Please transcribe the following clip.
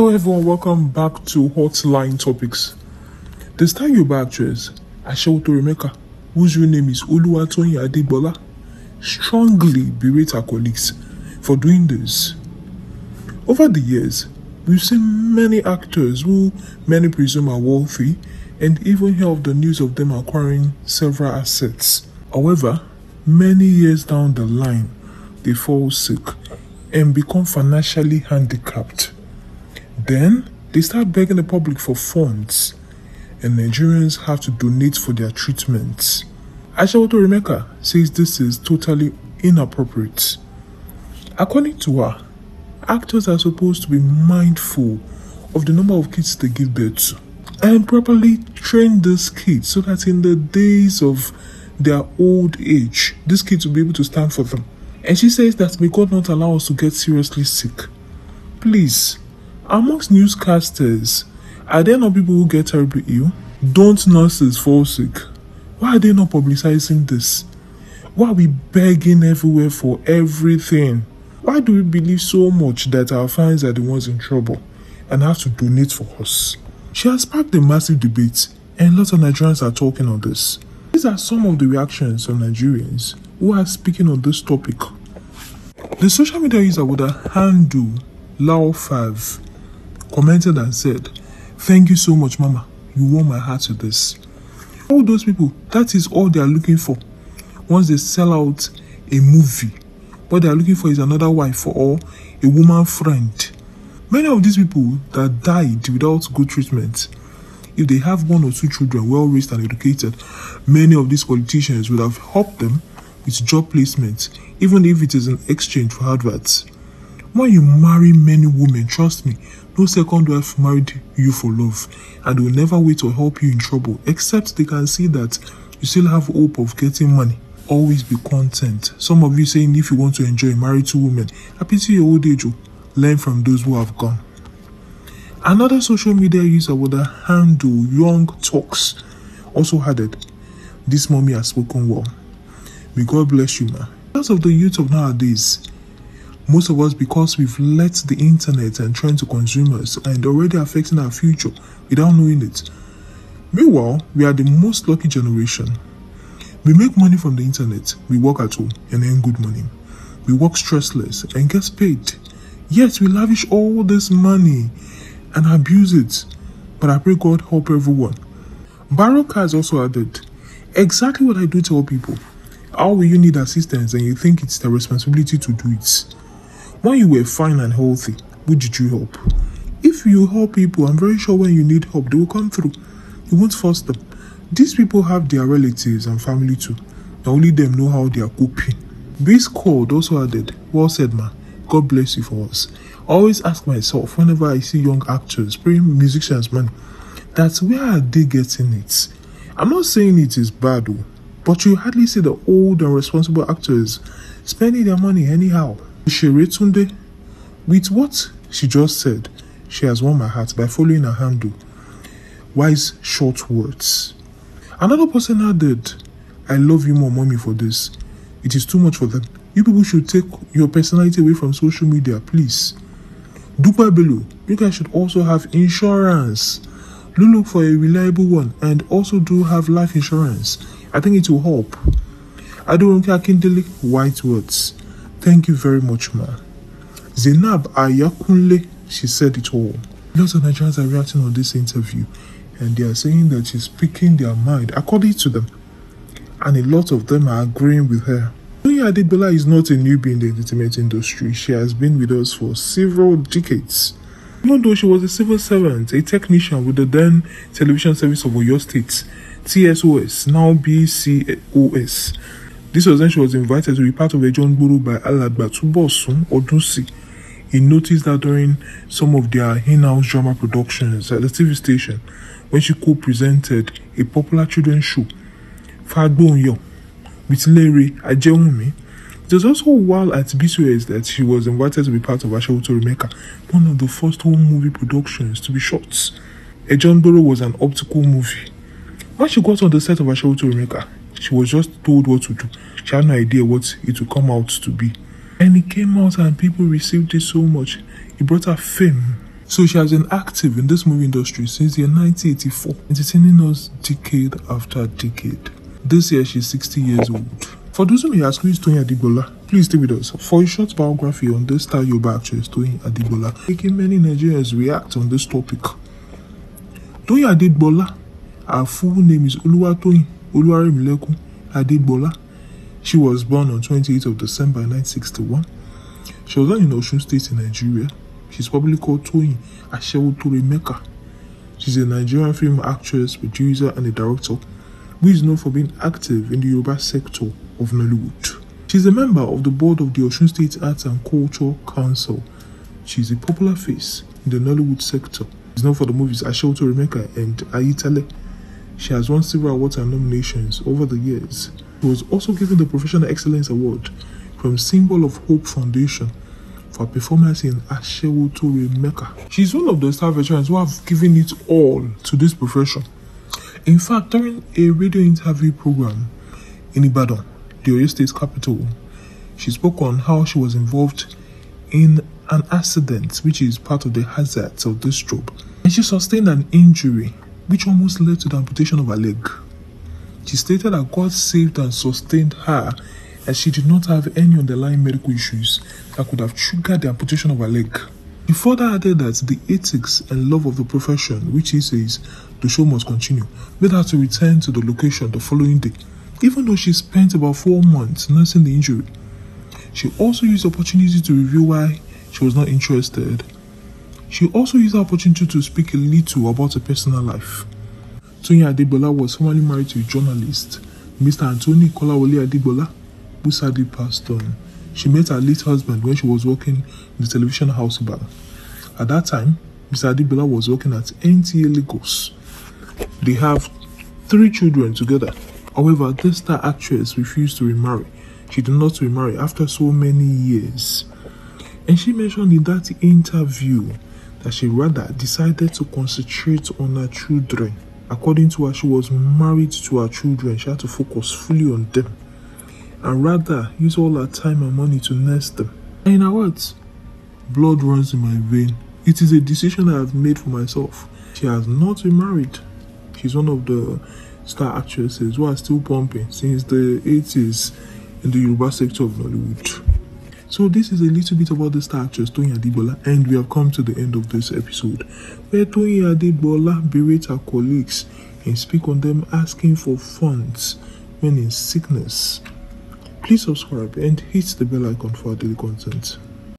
Hello everyone, welcome back to Hotline Topics. The star I actress Ashewoto Remeka, whose real name is Oluwatoyin Adebola, strongly berate her colleagues for doing this. Over the years, we've seen many actors who many presume are wealthy and even hear of the news of them acquiring several assets. However, many years down the line, they fall sick and become financially handicapped. Then they start begging the public for funds, and Nigerians have to donate for their treatments. Ashawoto Remeka says this is totally inappropriate. According to her, actors are supposed to be mindful of the number of kids they give birth to and properly train these kids so that in the days of their old age, these kids will be able to stand for them. And she says that may God not allow us to get seriously sick. Please, Amongst newscasters, are there not people who get terribly ill? Don't nurses fall sick? Why are they not publicizing this? Why are we begging everywhere for everything? Why do we believe so much that our fans are the ones in trouble and have to donate for us? She has sparked a massive debate, and lots of Nigerians are talking on this. These are some of the reactions of Nigerians who are speaking on this topic. The social media user with the handle Laofav commented and said, Thank you so much, Mama. You warm my heart with this. All those people, that is all they are looking for. Once they sell out a movie, what they are looking for is another wife or a woman friend. Many of these people that died without good treatment, if they have one or two children well raised and educated, many of these politicians would have helped them with job placement, even if it is in exchange for adverts. When you marry many women, trust me, no second wife married you for love and will never wait to help you in trouble except they can see that you still have hope of getting money. Always be content. Some of you saying if you want to enjoy, marry two women. I pity your old age. Oh. Learn from those who have gone. Another social media user with the handle Young Talks also added, This mommy has spoken well. May God bless you, ma. Because of the youth of nowadays, most of us, because we've let the internet and trend to consumers and already affecting our future without knowing it. Meanwhile, we are the most lucky generation. We make money from the internet, we work at home and earn good money. We work stressless and get paid. Yes, we lavish all this money and abuse it. But I pray God help everyone. Baroka has also added exactly what I do tell people. How will you need assistance and you think it's the responsibility to do it? When you were fine and healthy, who did you help? If you help people, I'm very sure when you need help, they will come through. You won't force them. These people have their relatives and family too. And only them know how they are coping. This code also added, well said man, God bless you for us. Always ask myself whenever I see young actors playing musicians, man, that's where are they getting it? I'm not saying it is bad, though, but you hardly see the old and responsible actors spending their money anyhow. Sunday, With what she just said, she has won my heart by following her handle. Wise short words. Another person added, I love you more, mommy, for this. It is too much for them. You people should take your personality away from social media, please. Dupa below, you guys should also have insurance. Do look for a reliable one and also do have life insurance. I think it will help. Adorunke Akindele, white words. Thank you very much, ma. Zainab Ayakunle, she said it all. Lots of Nigerians are reacting on this interview and they are saying that she's speaking their mind according to them. And a lot of them are agreeing with her. Dunya Adedbola is not a newbie in the entertainment industry. She has been with us for several decades. Even though she was a civil servant, a technician with the then television service of Oyo State, TSOS, now BCOS, this was when she was invited to be part of a John Buru by Aladba Tubosun Odusi. He noticed that during some of their in-house drama productions at the TV station, when she co-presented a popular children's show, Fagboyo, with Larry Ajewumi, it was also while at BCS that she was invited to be part of Ashawuto Remeka, one of the first home movie productions to be shot. A John Burrow was an optical movie. When she got on the set of Ashawuto Remeka, she was just told what to do. She had no idea what it would come out to be. And it came out and people received it so much. It brought her fame. So she has been active in this movie industry since the year 1984, entertaining us decade after decade. This year she's 60 years old. For those who may ask who is Toyin Adibola, please stay with us for a short biography on this star Yoruba actress Toyin Adibola, making many Nigerians react on this topic. Toyin Adibola, her full name is Oluwatoyin Uluwaremileku Adibola. She was born on 28th of December 1961. She was born in Oshun State in Nigeria. She's probably called Toyin Ashewo Toremeka. She's a Nigerian film actress, producer, and a director who is known for being active in the Yoruba sector of Nollywood. She's a member of the board of the Oshun State Arts and Culture Council. She's a popular face in the Nollywood sector. She's known for the movies Ashewo Toremeka and Ayitale. She has won several awards and nominations over the years. She was also given the Professional Excellence Award from Symbol of Hope Foundation for performance in Ashewo Tore Mecca. She's one of the star veterans who have given it all to this profession. In fact, during a radio interview program in Ibadan, the Oyo State capital, she spoke on how she was involved in an accident, which is part of the hazards of this job, and she sustained an injury which almost led to the amputation of her leg. She stated that God saved and sustained her and she did not have any underlying medical issues that could have triggered the amputation of her leg. She further added that the ethics and love of the profession, which he says the show must continue, made her to return to the location the following day. Even though she spent about four months nursing the injury, she also used the opportunity to reveal why she was not interested she also used the opportunity to speak a little about her personal life. Toyin Adegbola was formerly married to journalist Mr. Anthony Kolawole Adegbola, who sadly passed on. She met her late husband when she was working in the television house Bala. At that time, Mr. Adegbola was working at NTA Lagos. They have three children together. However, this star actress refused to remarry. She did not remarry after so many years. And she mentioned in that interview that she rather decided to concentrate on her children. According to her, she was married to her children. She had to focus fully on them and rather use all her time and money to nurse them. And in her words, blood runs in my vein. It is a decision I have made for myself. She has not been married. She's one of the star actresses who are still pumping since the 80s in the Yoruba sector of Nollywood. So this is a little bit about the star actress Toyin Adebola and we have come to the end of this episode where Toyin Adebola berates her colleagues and speak on them asking for funds when in sickness. Please subscribe and hit the bell icon for daily content.